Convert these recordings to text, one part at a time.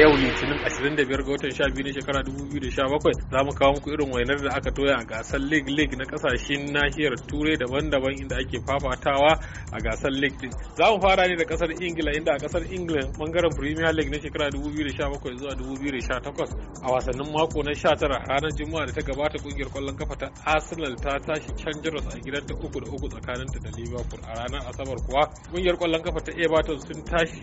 yau litinin 25 ga watan 12 na shekara 2017 za mu kawo muku irin wainar da aka toya a gasar league league na kasashen nahiyar turai daban-daban inda ake fafatawa a gasar league din za mu fara ne da kasar ingila inda a kasar ingila bangaren premier league na shekara 2017 zuwa 2018 a wasannin mako na 19 ranar juma'a da ta gabata kungiyar kwallon kafa ta arsenal ta tashi can a gidanta uku da uku tsakaninta da liverpool a ranar asabar kuwa kungiyar kwallon kafa ta everton sun tashi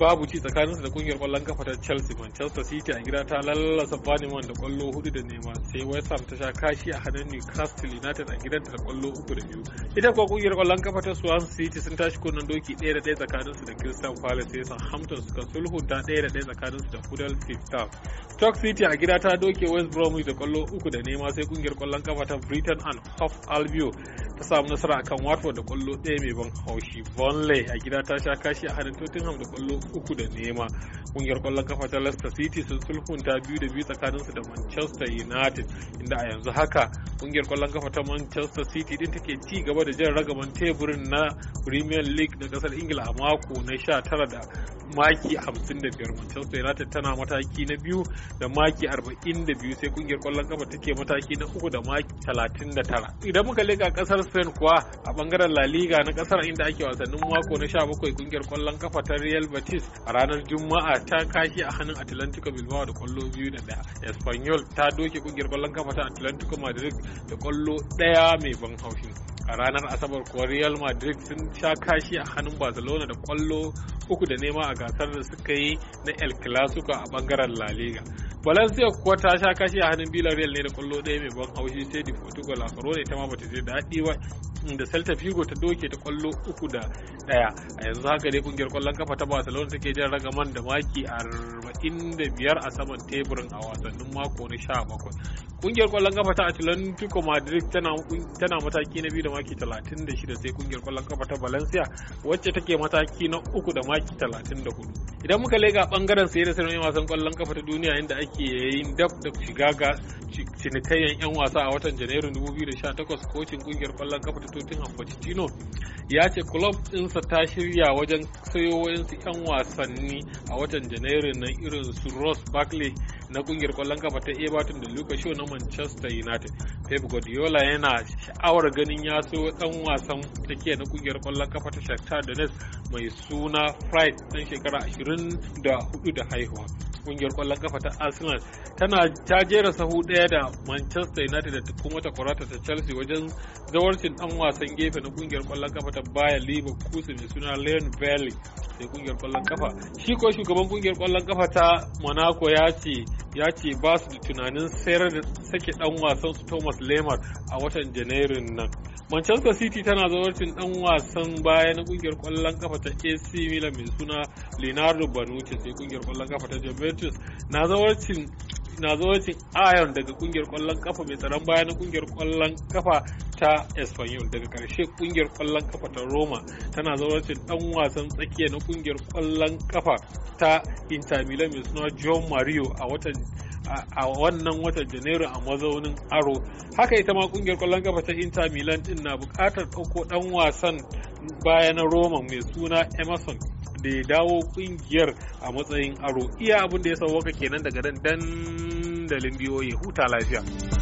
babu ci tsakaninsu da kungiyar kwallon kafa ta chelsea manchester city a gida ta lallasa birmingham da kwallo hudu da nema sai west ham ta sha kashi a hannun newcastle united a gidanta da kwallo uku da biyu ita kuwa kungiyar kwallon kafa ta swansea city sun tashi kunnen doki ɗaya da ɗaya tsakanin su da crystal palace sai southampton suka sulhunta ɗaya da ɗaya tsakanin su da huddersfield town stoke city a gida ta doke west bromwich da kwallo uku da nema sai kungiyar kwallon kafa ta britain and hove albion ta samu nasara a kan wato da kwallo ɗaya mai ban haushi vonley a gida ta sha kashi a hannun tottenham da kwallo uku da nema kungiyar kwallon kafa ta leicester city sun sulhunta biyu da biyu tsakanin su da manchester united inda a yanzu haka kungiyar kwallon kafa ta manchester city din take ci gaba da jan ragaman teburin na premier league na kasar ingila a mako na 19 da maki 55 manchester united tana mataki na biyu da maki 42 sai kungiyar kwallon kafa take mataki na uku da maki 39 idan muka leka kasar spain kuwa a bangaren la liga na kasar inda ake wasannin mako na 17 kungiyar kwallon kafa ta real betis a ranar juma'a ta kashi a hannun atlantico bilbao da kwallo biyu da daya espanyol ta doke kungiyar kwallon kafa ta atlantico madrid da kwallo daya mai ban haushi a ranar asabar kuwa real madrid sun sha kashi a hannun barcelona da kwallo uku da nema a gasar da suka yi na El Clasico a bangaren La Liga. Valencia kuwa ta sha kashi a hannun Villarreal ne da kwallo ɗaya mai ban haushi sai di Portugal a ne ta ma bata je daɗi ba da Celta Vigo ta doke ta kwallo uku da ɗaya. A yanzu haka dai kungiyar kwallon kafa ta Barcelona take jan ragaman da maki arba'in da biyar a saman teburin a wasannin mako na sha bakwai. kungiyar kwallon kafa ta Atlantico Madrid tana mataki na biyu da maki 36 sai kungiyar kwallon kafa ta Valencia wacce take mataki na uku da maki 34 idan muka lega bangaren sai da sanarwar wasan kwallon kafa ta duniya inda ake yayin dab da shiga ga cinikayyan 'yan wasa a watan janairun 2018 kocin kungiyar kwallon kafa ta Tottenham Pochettino ya ce club ɗinsa ta shirya wajen sayo wayansu 'yan wasanni a watan janairun nan irin su Ross Barkley na kungiyar kwallon kafa ta Everton da Lucas Shaw na Manchester United. Pep Guardiola yana sha'awar ganin ya so dan wasan tsakiya na kungiyar kwallon kafa ta Shakhtar Donetsk mai suna Fried dan shekara 24 da haihuwa. Kungiyar kwallon kafa ta Arsenal tana ta jera sahu ɗaya da Manchester United da kuma kwarata ta Chelsea wajen zawarcin ɗan wasan gefe na kungiyar kwallon kafa ta Bayer Leverkusen mai suna Leon Bailey da kungiyar kwallon kafa. Shi ko shugaban kungiyar kwallon kafa ta Monaco ya ce ya ce ba su da tunanin sayar da sake dan wasan su Thomas Lemar a watan Janairun nan. Manchester City tana zawarcin dan wasan baya na kungiyar kwallon kafa ta AC Milan mai suna Leonardo Bonucci sai kungiyar kwallon kafa ta Juventus na zawarcin na zocin ayon daga kungiyar kwallon kafa mai tsaron baya na kungiyar kwallon kafa ta espanyol daga karshe kungiyar kwallon kafa ta roma tana zocin dan wasan tsakiya na kungiyar kwallon kafa ta inter milan mai suna john mario a watan a wannan watan janairu a mazaunin aro haka ita ma kungiyar kwallon kafa ta inter milan din na bukatar ɗauko dan wasan baya na roma mai suna emerson da ya dawo kungiyar a matsayin aro iya abin da ya sauwaka kenan daga dandan dandalin biyo ya huta lafiya.